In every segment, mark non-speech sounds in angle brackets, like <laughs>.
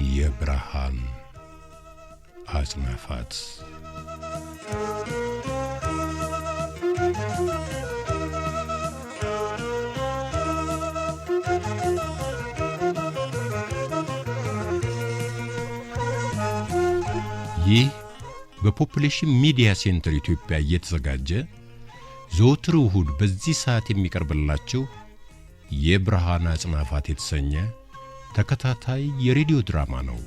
Yebrahan as nafats. በፖፑሌሽን ሚዲያ ሴንተር ኢትዮጵያ እየተዘጋጀ ዘወትር እሁድ በዚህ ሰዓት የሚቀርብላችሁ የብርሃን አጽናፋት የተሰኘ ተከታታይ የሬዲዮ ድራማ ነው።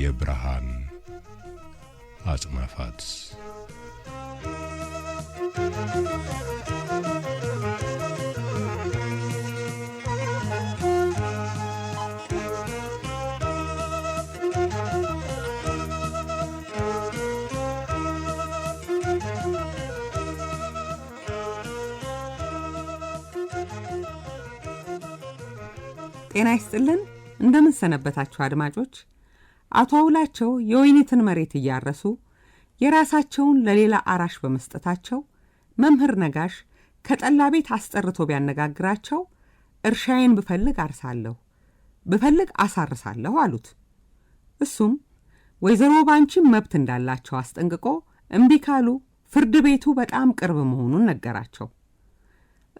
የብርሃን አጽናፋት ጤና ይስጥልን። እንደምን ሰነበታችሁ አድማጮች። አቶ አውላቸው የወይኒትን መሬት እያረሱ የራሳቸውን ለሌላ አራሽ በመስጠታቸው መምህር ነጋሽ ከጠላ ቤት አስጠርቶ ቢያነጋግራቸው እርሻዬን ብፈልግ አርሳለሁ፣ ብፈልግ አሳርሳለሁ አሉት። እሱም ወይዘሮ ባንቺም መብት እንዳላቸው አስጠንቅቆ እምቢ ካሉ ፍርድ ቤቱ በጣም ቅርብ መሆኑን ነገራቸው።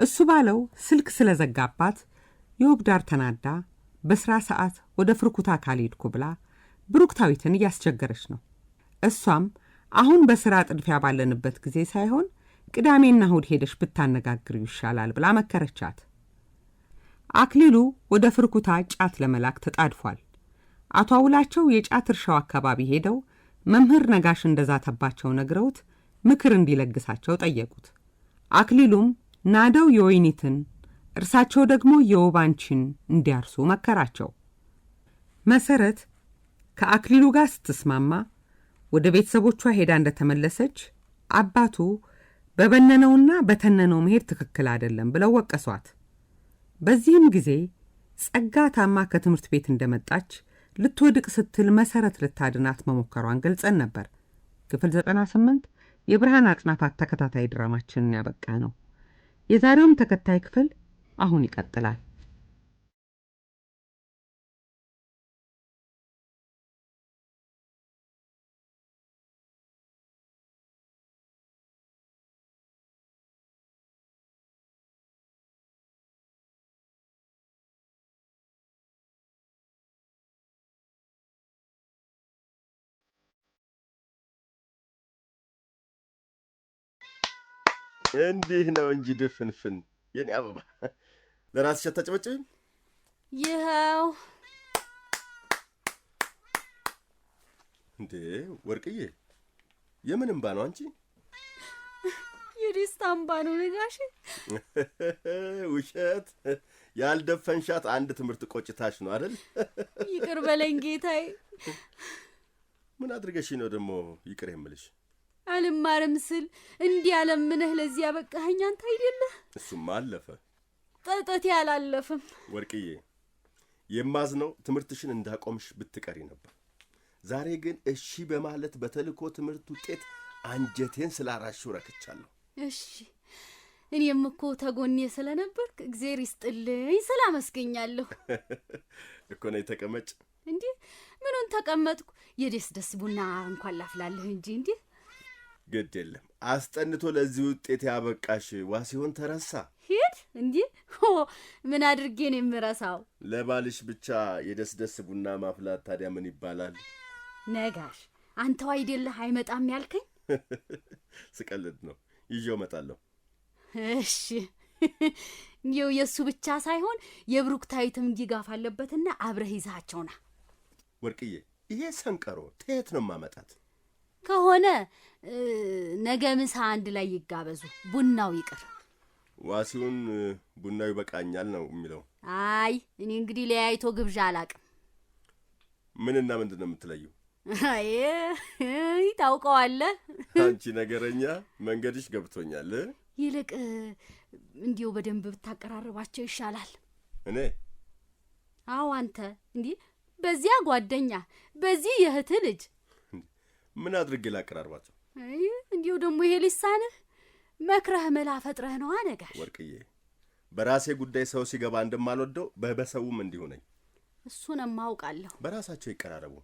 እሱ ባለው ስልክ ስለዘጋባት ዳር ተናዳ በሥራ ሰዓት ወደ ፍርኩታ ካልሄድኩ ብላ ብሩክታዊትን እያስቸገረች ነው። እሷም አሁን በሥራ ጥድፊያ ባለንበት ጊዜ ሳይሆን ቅዳሜና እሁድ ሄደሽ ብታነጋግር ይሻላል ብላ መከረቻት። አክሊሉ ወደ ፍርኩታ ጫት ለመላክ ተጣድፏል። አቶ አውላቸው የጫት እርሻው አካባቢ ሄደው መምህር ነጋሽ እንደዛተባቸው ነግረውት ምክር እንዲለግሳቸው ጠየቁት። አክሊሉም ናደው የወይኒትን እርሳቸው ደግሞ የወባንችን እንዲያርሱ መከራቸው። መሰረት ከአክሊሉ ጋር ስትስማማ ወደ ቤተሰቦቿ ሄዳ እንደተመለሰች አባቱ በበነነውና በተነነው መሄድ ትክክል አይደለም ብለው ወቀሷት። በዚህም ጊዜ ጸጋ ታማ ከትምህርት ቤት እንደመጣች ልትወድቅ ስትል መሰረት ልታድናት መሞከሯን ገልጸን ነበር። ክፍል 98 የብርሃን አጽናፋት ተከታታይ ድራማችንን ያበቃ ነው። የዛሬውም ተከታይ ክፍል አሁን ይቀጥላል። እንዲህ ነው እንጂ ድፍንፍን የኔ አበባ ለራስሽ አታጨበጭብም? ይኸው እንዴ ወርቅዬ፣ የምን እምባ ነው አንቺ? የደስታ እምባ ነው ነጋሽ። <laughs> ውሸት ያልደፈንሻት አንድ ትምህርት ቆጭታሽ ነው አይደል? <laughs> ይቅር በለኝ ጌታዬ። ምን አድርገሽ ነው ደግሞ ይቅር የምልሽ? አልማርም ስል እንዲህ ያለምንህ ለዚህ ያበቃኸኝ አንተ አይደለህ? እሱማ አለፈ ጥጥት አላለፍም። ወርቅዬ የማዝነው ትምህርትሽን እንዳቆምሽ ብትቀሪ ነበር። ዛሬ ግን እሺ በማለት በተልእኮ ትምህርት ውጤት አንጀቴን ስላራሽው ረክቻለሁ። እሺ እኔም እኮ ተጎኔ ስለነበርክ እግዜር ይስጥልኝ ስላመስገኛለሁ <laughs> እኮ የተቀመጭ እንዲህ ምኑን ተቀመጥኩ? የደስ ደስ ቡና እንኳን ላፍላለህ እንጂ እንዲህ ግድ የለም። አስጠንቶ ለዚህ ውጤት ያበቃሽ ዋሲሆን ተረሳ። እንዲህ ምን አድርጌ ነው የምረሳው? ለባልሽ ብቻ የደስደስ ቡና ማፍላት ታዲያ ምን ይባላል? ነጋሽ አንተው አይደለህ አይመጣም ያልከኝ? <laughs> ስቀልድ ነው። ይዤው እመጣለሁ። እሺ ይው የእሱ ብቻ ሳይሆን የብሩክታዊትም ድጋፍ አለበትና አብረህ ይዛቸውና። ወርቅዬ ይሄ ሰንቀሮ ትየት ነው ማመጣት ከሆነ ነገ ምሳ አንድ ላይ ይጋበዙ፣ ቡናው ይቅር። ዋሲውን ቡናው ይበቃኛል ነው የሚለው። አይ እኔ እንግዲህ ለያይቶ ግብዣ አላቅም። ምንና ምንድን ነው የምትለየው? አይ ታውቀዋለህ። አንቺ ነገረኛ፣ መንገድሽ ገብቶኛል። ይልቅ እንዲሁ በደንብ ብታቀራርባቸው ይሻላል። እኔ አዎ፣ አንተ እንዲህ በዚያ ጓደኛ፣ በዚህ የህት ልጅ ምን አድርጌ ላቀራርባቸው? እንዲሁ ደግሞ ይሄ ልሳንህ መክረህ መላ ፈጥረህ ነዋ ነጋሽ። ወርቅዬ በራሴ ጉዳይ ሰው ሲገባ እንደማልወደው በበሰውም እንዲሁ ነኝ። እሱንም አውቃለሁ። በራሳቸው ይቀራረቡ።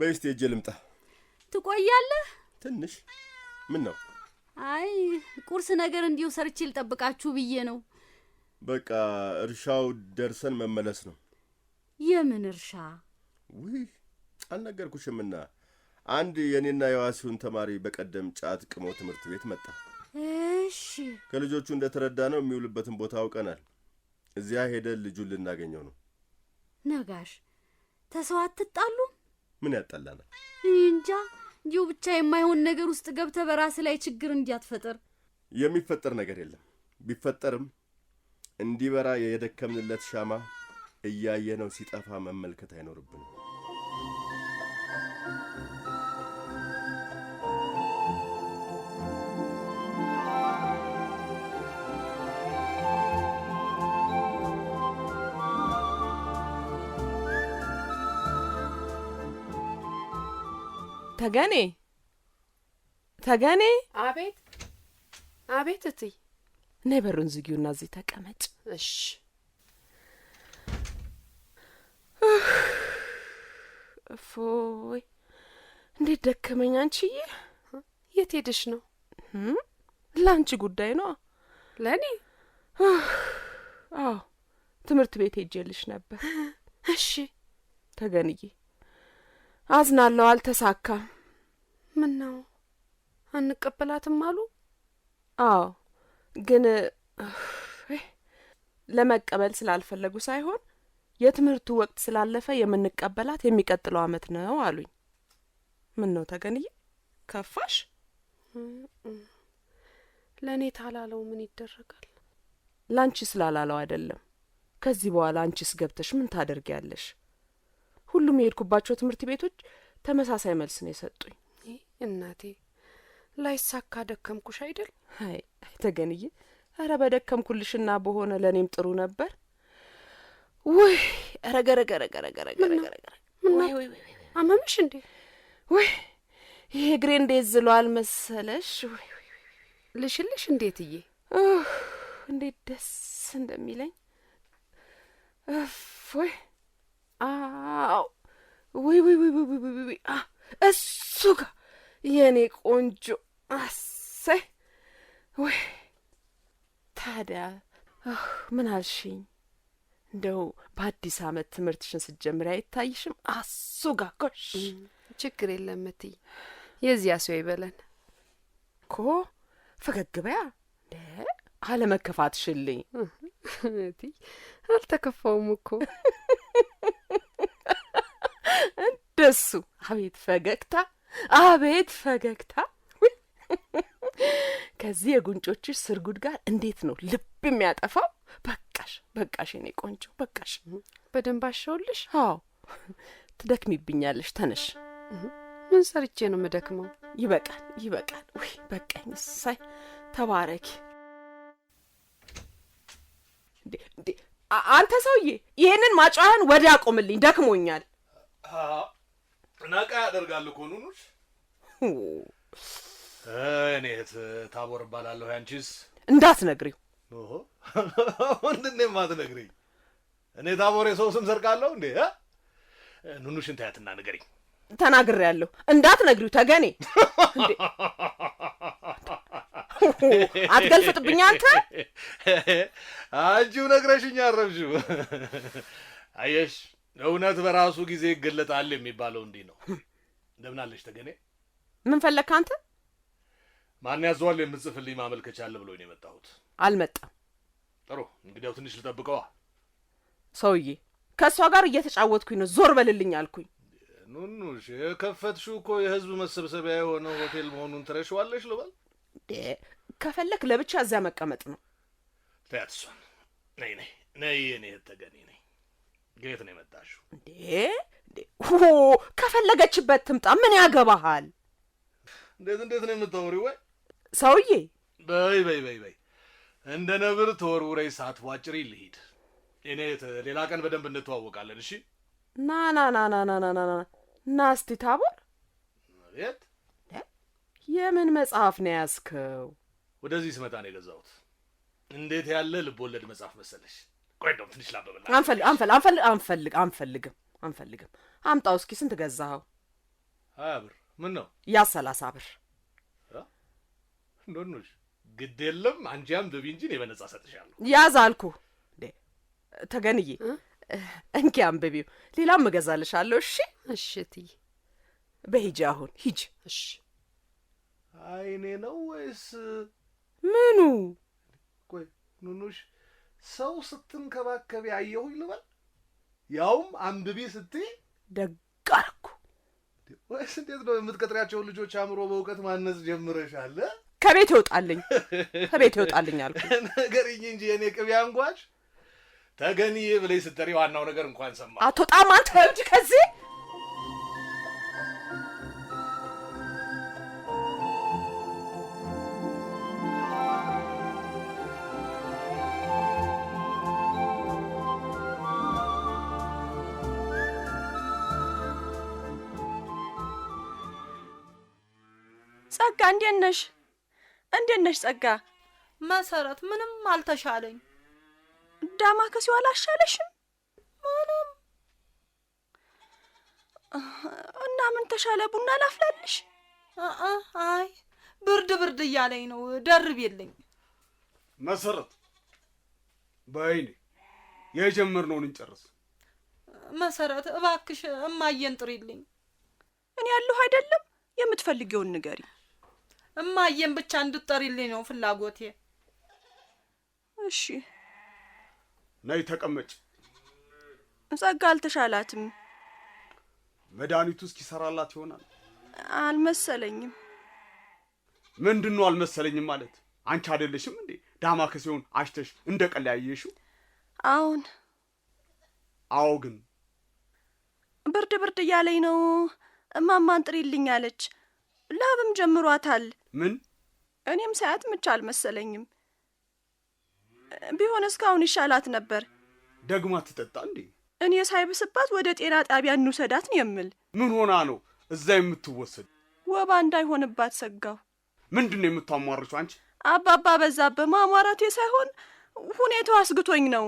በይስቲ እጅ ልምጣ። ትቆያለህ? ትንሽ። ምን ነው? አይ ቁርስ ነገር እንዲሁ ሰርቼ ልጠብቃችሁ ብዬ ነው። በቃ እርሻው ደርሰን መመለስ ነው። የምን እርሻ? ውይ አልነገርኩሽምና አንድ የእኔና የዋሲሁን ተማሪ በቀደም ጫት ቅሞ ትምህርት ቤት መጣ። እሺ። ከልጆቹ እንደተረዳ ነው የሚውልበትን ቦታ አውቀናል። እዚያ ሄደን ልጁን ልናገኘው ነው። ነጋሽ ተሰው አትጣሉ። ምን ያጣላናል? እንጃ እንዲሁ ብቻ የማይሆን ነገር ውስጥ ገብተ በራስ ላይ ችግር እንዲያትፈጥር የሚፈጠር ነገር የለም። ቢፈጠርም እንዲበራ የደከምንለት ሻማ እያየነው ሲጠፋ መመልከት አይኖርብንም። ተገኔ ተገኔ! አቤት አቤት! እትዬ ነይ በሩን ዝጊውና እዚህ ተቀመጭ። እሺ። እፎይ! እንዴት ደከመኝ አንቺዬ። የት ሄድሽ ነው? ለአንቺ ጉዳይ ነው። ለእኔ? አዎ፣ ትምህርት ቤት ሄጄልሽ ነበር። እሺ ተገንዬ አዝናለሁ፣ አልተሳካ። ምን ነው አንቀበላትም አሉ? አዎ፣ ግን ለመቀበል ስላልፈለጉ ሳይሆን የትምህርቱ ወቅት ስላለፈ የምንቀበላት የሚቀጥለው አመት ነው አሉኝ። ምን ነው ተገንዬ፣ ከፋሽ? ለእኔ ታላለው ምን ይደረጋል። ላንቺ ስላላለው አይደለም። ከዚህ በኋላ አንቺስ ገብተሽ ምን ታደርጊያለሽ? ሁሉም የሄድኩባቸው ትምህርት ቤቶች ተመሳሳይ መልስ ነው የሰጡኝ። እናቴ ላይሳካ ደከምኩሽ አይደል? አይ አይተገንዬ፣ እረ በደከምኩልሽና በሆነ ለእኔም ጥሩ ነበር። ውይ አመመሽ እንዴ? ውይ ይሄ እግሬ እንዴት ዝሏል መሰለሽ። ልሽልሽ እንዴት እዬ እንዴት ደስ እንደሚለኝ አው ውይ ውይ ውይ ውይ ወይ ወይ እሱ ጋር የእኔ ቆንጆ አሰይ ወይ ታዲያ ምን አልሽኝ? እንደው በአዲስ አመት ትምህርትሽን ስትጀምሪ አይታይሽም? አሱ ጋር ጎሽ፣ ችግር የለም እትዬ፣ የዚያ ሰው ይበለን ኮ ፈገግ በያ እንደ አለመከፋትሽልኝ እትዬ፣ አልተከፋውም እኮ <laughs> እንደሱ። አቤት ፈገግታ! አቤት ፈገግታ! ከዚህ የጉንጮችሽ ስርጉድ ጋር እንዴት ነው ልብ የሚያጠፋው? በቃሽ፣ በቃሽ፣ ኔ ቆንጆ በቃሽ። በደንብ አሸውልሽ? አዎ፣ ትደክሚብኛለሽ። ተነሽ። ምን ሰርቼ ነው የምደክመው? ይበቃል፣ ይበቃል። ውይ በቃኝ። ሳይ ተባረኪ። አንተ ሰውዬ፣ ይህንን ማጫህን ወዲያ አቆምልኝ ደክሞኛል። ናቃ ያደርጋል እኮ ኑኑሽ። እኔ ታቦር እባላለሁ። ያንቺስ? እንዳትነግሪው። ምንድን ነው የማትነግሪኝ? እኔ ታቦር የሰው ስም ሰርቃለሁ እንዴ? ኑኑሽን ታያትና ንገሪኝ። ተናግሬያለሁ። እንዳትነግሪው። ተገኔ አትገልፍጥብኝ አንተ። አንቺው ነግረሽኝ አረብሽው። አየሽ እውነት በራሱ ጊዜ ይገለጣል የሚባለው እንዲህ ነው። እንደምናለሽ ተገኔ፣ ምን ፈለግ አንተ? ማን ያዘዋል የምጽፍልኝ ማመልከቻ አለ ብሎ ነው የመጣሁት። አልመጣም። ጥሩ እንግዲያው ትንሽ ልጠብቀዋ። ሰውዬ ከእሷ ጋር እየተጫወትኩኝ ነው፣ ዞር በልልኝ አልኩኝ። ኑኑ የከፈትሽው እኮ የህዝብ መሰብሰቢያ የሆነው ሆቴል መሆኑን ትረሽዋለሽ ልበል። ከፈለክ ለብቻ እዚያ መቀመጥ ነው። ተያት ነይ ነይ ነይ ነይ፣ ተገኔ ነይ የት ነው የመጣሽው? እንዴ እንዴ! ከፈለገችበት ትምጣ፣ ምን ያገባሃል? እንዴት እንዴት ነው የምታወሪው? ወይ ሰውዬ፣ በይ በይ በይ በይ፣ እንደ ነብር ተወርውረይ ዋጭሪ ልሂድ። እኔ ሌላ ቀን በደንብ እንተዋወቃለን። እሺ ና ና ና ና ና ና ና ና እስቲ ታቦር፣ የምን መጽሐፍ ነው ያስከው ወደዚህ ስመጣ ነው የገዛሁት። እንዴት ያለ ልብ ወለድ መጽሐፍ መሰለሽ! ቆይ ትንሽ አንፈልግም አንፈልግም። አምጣው እስኪ ስንት ገዛኸው? ሀያ ብር። ምን ነው ያ ሰላሳ ብር ግድ የለም አንቺ አንብቢ እንጂ እኔ በነጻ ሰጥሻለሁ። ያዝ አልኩ ተገንዬ። እንኪ አንብቢው፣ ሌላም እገዛልሻለሁ። እሺ እሺ። እትዬ በሂጂ አሁን ሂጅ እሺ። አይኔ ነው ወይስ ምኑ? ቆይ ኑኑሽ ሰው ስትንከባከብ ያየሁ ይልበል ያውም አንብቢ ስትይ ደጋርኩ አልኩ ወይስ እንዴት ነው? የምትቀጥሪያቸውን ልጆች አእምሮ በእውቀት ማነጽ ጀምረሻል? ከቤት ይወጣልኝ ከቤት ይወጣልኝ አልኩ። ንገሪኝ <laughs> እንጂ የእኔ ቅቤ አንጓች ተገኒ ብለይ ስትጠሪ ዋናው ነገር እንኳን ሰማ። አትወጣም አንተ እንጂ ከዚህ እንዴት ነሽ? እንዴት ነሽ ጸጋ? መሰረት ምንም አልተሻለኝ። ዳማ ከሲው አላሻለሽም? ምንም። እና ምን ተሻለ? ቡና ላፍላልሽ? አይ ብርድ ብርድ እያለኝ ነው፣ ደርብ የለኝ። መሰረት በይኔ የጀመርነውን እንጨርስ። መሰረት እባክሽ እማየን ጥሪልኝ። እኔ ያለሁ አይደለም የምትፈልጊውን ነገር እማየን ብቻ እንድትጠሪልኝ ነው ፍላጎቴ። እሺ ነይ ተቀመጭ። ጸጋ አልተሻላትም። መድኃኒቱ እስኪሰራላት ይሆናል። አልመሰለኝም። ምንድን ነው አልመሰለኝም ማለት? አንቺ አይደለሽም እንዴ ዳማ ከሲሆን አሽተሽ እንደ ቀለያየሽው? አሁን አዎ። ግን ብርድ ብርድ እያለኝ ነው እማማን ጥሪልኝ አለች። ላብም ጀምሯታል። ምን? እኔም ሳያት ምቻ አልመሰለኝም። ቢሆን እስካሁን ይሻላት ነበር። ደግማ አትጠጣ እንዴ? እኔ ሳይብስባት ወደ ጤና ጣቢያ እንውሰዳት የምል። ምን ሆና ነው እዛ የምትወሰድ? ወባ እንዳይሆንባት ሰጋሁ። ምንድን ነው የምታሟርቹ አንቺ? አባባ በዛብህ ማሟራቴ ሳይሆን ሁኔታው አስግቶኝ ነው።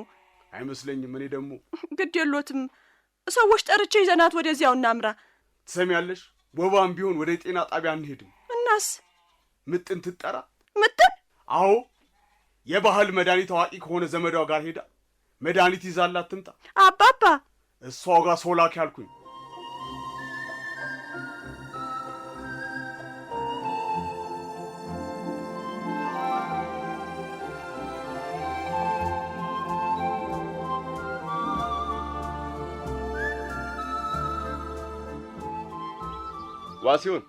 አይመስለኝም። እኔ ደግሞ ግድ የሎትም። ሰዎች ጠርቼ ይዘናት ወደዚያው እናምራ። ትሰሚያለሽ? ወባም ቢሆን ወደ ጤና ጣቢያ አንሄድም። እናስ ምጥን ትጠራ ምጥን? አዎ የባህል መድኃኒት አዋቂ ከሆነ ዘመዷ ጋር ሄዳ መድኃኒት ይዛላት ትምጣ። አባባ እሷ ጋር ሰው ላክ ያልኩኝ። ዋሲሁን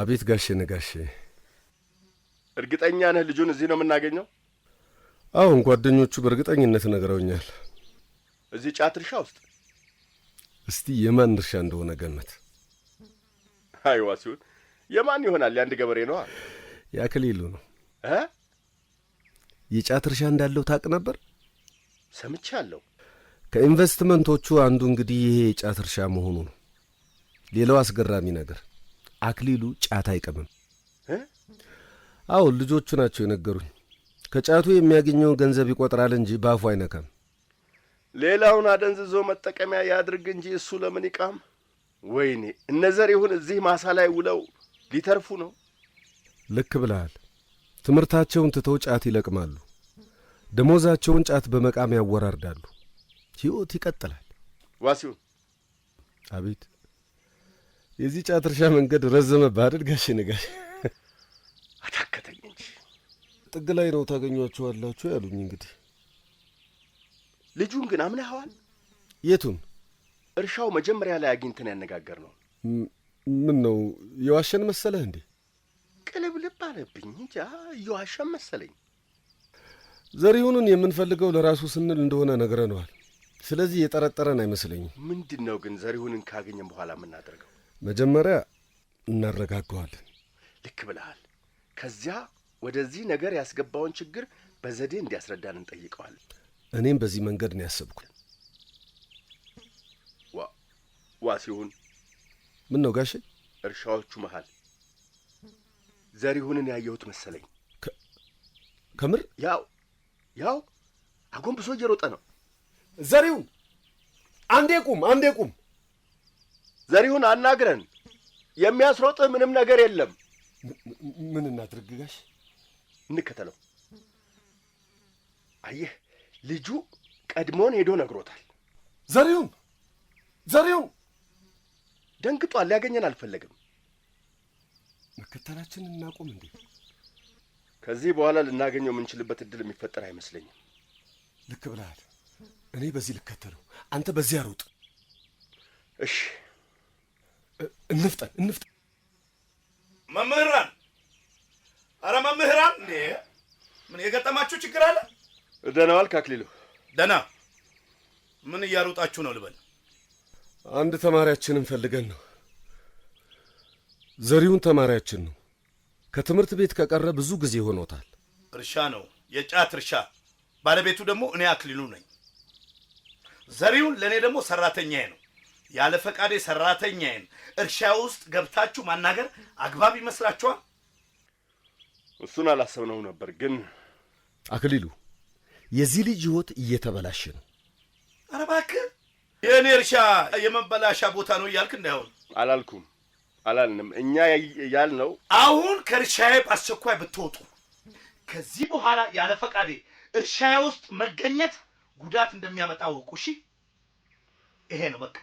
አቤት ጋሼ ነጋሼ፣ እርግጠኛ ነህ ልጁን እዚህ ነው የምናገኘው? አሁን ጓደኞቹ በእርግጠኝነት ነግረውኛል። እዚህ ጫት እርሻ ውስጥ። እስቲ የማን እርሻ እንደሆነ ገመት። አይዋ ሲሆን የማን ይሆናል? የአንድ ገበሬ ነዋ። የአክሊሉ ነው። የጫት እርሻ እንዳለው ታቅ ነበር? ሰምቼ አለው። ከኢንቨስትመንቶቹ አንዱ እንግዲህ ይሄ የጫት እርሻ መሆኑ ነው። ሌላው አስገራሚ ነገር አክሊሉ ጫት አይቀምም አዎ ልጆቹ ናቸው የነገሩኝ። ከጫቱ የሚያገኘውን ገንዘብ ይቆጥራል እንጂ በአፉ አይነካም። ሌላውን አደንዝዞ መጠቀሚያ ያድርግ እንጂ እሱ ለምን ይቃም? ወይኔ ይሁን እዚህ ማሳ ላይ ውለው ሊተርፉ ነው። ልክ ብለሃል። ትምህርታቸውን ትተው ጫት ይለቅማሉ። ደሞዛቸውን ጫት በመቃም ያወራርዳሉ። ሕይወት ይቀጥላል። ዋሲሁን። አቤት የዚህ ጫት እርሻ መንገድ ረዘመብህ አይደል ጋሽ ንጋሽ? አታከተኝ እንጂ ጥግ ላይ ነው ታገኟቸዋላችሁ ያሉኝ። እንግዲህ ልጁን ግን አምነኸዋል? የቱን? እርሻው መጀመሪያ ላይ አግኝተን ያነጋገር ነው። ምን ነው የዋሸን መሰለህ እንዴ? ቅልብልብ አለብኝ እንጃ፣ እየዋሸን መሰለኝ። ዘሪሁንን የምንፈልገው ለራሱ ስንል እንደሆነ ነግረነዋል። ስለዚህ የጠረጠረን አይመስለኝም። ምንድን ነው ግን ዘሪሁንን ካገኘን በኋላ የምናደርገው? መጀመሪያ እናረጋገዋለን። ልክ ብለሃል። ከዚያ ወደዚህ ነገር ያስገባውን ችግር በዘዴ እንዲያስረዳን እንጠይቀዋለን። እኔም በዚህ መንገድ ነው ያሰብኩት። ዋ ሲሆን ምን ነው ጋሼ? እርሻዎቹ መሃል ዘሪሁንን ያየሁት መሰለኝ። ከምር? ያው ያው አጎንብሶ እየሮጠ ነው። ዘሪሁን አንዴ ቁም፣ አንዴ ቁም ዘሪሁን አናግረን የሚያስሮጥህ ምንም ነገር የለም። ምን እናድርግ ጋሽ? እንከተለው። አየህ ልጁ ቀድሞን ሄዶ ነግሮታል። ዘሪሁን ዘሪሁን ደንግጧል። ሊያገኘን አልፈለግም። መከተላችን እናቆም እንዴ? ከዚህ በኋላ ልናገኘው የምንችልበት እድል የሚፈጠር አይመስለኝም። ልክ ብለሃል። እኔ በዚህ ልከተለው፣ አንተ በዚያ ሩጥ። እሺ እንፍጠን እንፍጠን። መምህራን፣ አረ መምህራን፣ ምን የገጠማችሁ ችግር አለ? ደህና ዋልክ አክሊሉ? ደህና። ምን እያሮጣችሁ ነው ልበል? አንድ ተማሪያችንን ፈልገን ነው። ዘሪሁን ተማሪያችን ነው። ከትምህርት ቤት ከቀረ ብዙ ጊዜ ሆኖታል። እርሻ ነው፣ የጫት እርሻ። ባለቤቱ ደግሞ እኔ አክሊሉ ነኝ። ዘሪሁን ለእኔ ደግሞ ሰራተኛዬ ነው። ያለ ፈቃዴ ሰራተኛዬን እርሻ ውስጥ ገብታችሁ ማናገር አግባብ ይመስላችኋል? እሱን አላሰብነው ነበር። ግን አክሊሉ፣ የዚህ ልጅ ህይወት እየተበላሸ ነው። ኧረ እባክህ የእኔ እርሻ የመበላሻ ቦታ ነው እያልክ እንዳይሆን። አላልኩም አላልንም። እኛ ያልነው አሁን ከእርሻዬ በአስቸኳይ ብትወጡ፣ ከዚህ በኋላ ያለ ፈቃዴ እርሻዬ ውስጥ መገኘት ጉዳት እንደሚያመጣ ወቁ። እሺ፣ ይሄ ነው በቃ።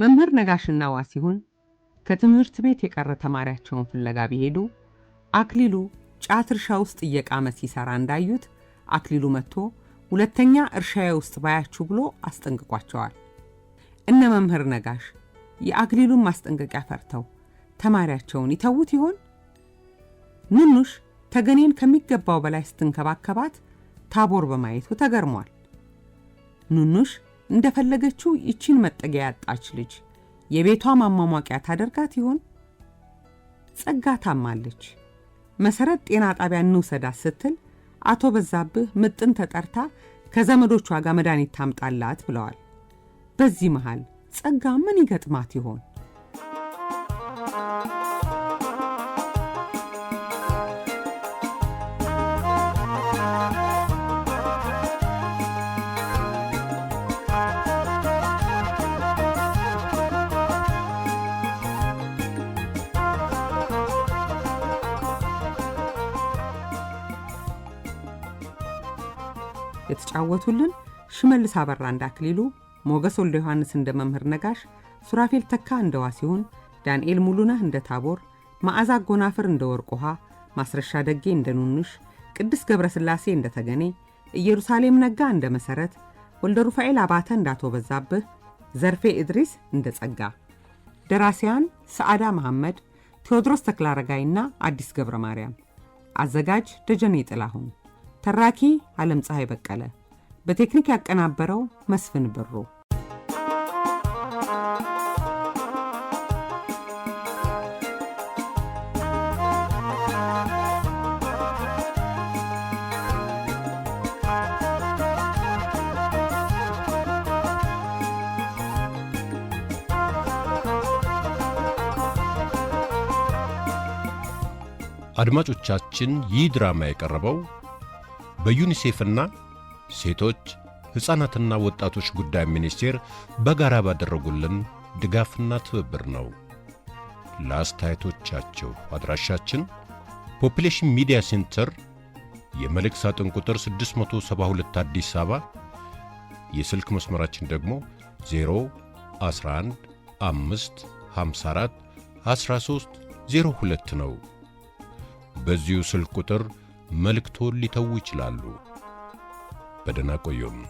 መምህር ነጋሽና ዋሲሁን ከትምህርት ቤት የቀረ ተማሪያቸውን ፍለጋ ቢሄዱ አክሊሉ ጫት እርሻ ውስጥ እየቃመ ሲሰራ እንዳዩት አክሊሉ መጥቶ ሁለተኛ እርሻዬ ውስጥ ባያችሁ ብሎ አስጠንቅቋቸዋል። እነ መምህር ነጋሽ የአክሊሉን ማስጠንቀቂያ ፈርተው ተማሪያቸውን ይተዉት ይሆን? ንኑሽ ተገኔን ከሚገባው በላይ ስትንከባከባት ታቦር በማየቱ ተገርሟል። ኑኑሽ እንደፈለገችው ይቺን መጠጊያ ያጣች ልጅ የቤቷ ማሟሟቂያ ታደርጋት ይሆን? ጸጋ ታማለች። መሰረት ጤና ጣቢያ እንውሰዳት ስትል አቶ በዛብህ ምጥን ተጠርታ ከዘመዶቿ ጋር መድኃኒት ታምጣላት ብለዋል። በዚህ መሃል ጸጋ ምን ይገጥማት ይሆን? የተጫወቱልን ሽመልስ አበራ እንዳክሊሉ፣ ሞገስ ወልደ ዮሐንስ እንደ መምህር ነጋሽ፣ ሱራፌል ተካ እንደ ዋሲሁን፣ ዳንኤል ሙሉነህ እንደ ታቦር፣ መዓዛ ጎናፍር እንደ ወርቅ ውሃ፣ ማስረሻ ደጌ እንደ ኑንሽ፣ ቅድስ ገብረ ስላሴ እንደ ተገኔ፣ ኢየሩሳሌም ነጋ እንደ መሠረት፣ ወልደ ሩፋኤል አባተ እንደ አቶ በዛብህ፣ ዘርፌ እድሪስ እንደ ጸጋ። ደራሲያን ሰዓዳ መሐመድ፣ ቴዎድሮስ ተክላረጋይና አዲስ ገብረ ማርያም። አዘጋጅ ደጀኔ ጥላሁን ተራኪ ዓለም ፀሐይ በቀለ፣ በቴክኒክ ያቀናበረው መስፍን ብሩ። አድማጮቻችን ይህ ድራማ የቀረበው በዩኒሴፍና ሴቶች ሕፃናትና ወጣቶች ጉዳይ ሚኒስቴር በጋራ ባደረጉልን ድጋፍና ትብብር ነው። ለአስተያየቶቻቸው አድራሻችን ፖፕሌሽን ሚዲያ ሴንተር የመልእክት ሳጥን ቁጥር 672 አዲስ አበባ፣ የስልክ መስመራችን ደግሞ 011554 13 02 ነው። በዚሁ ስልክ ቁጥር መልክቶን ሊተዉ ይችላሉ። በደህና ቆዩም።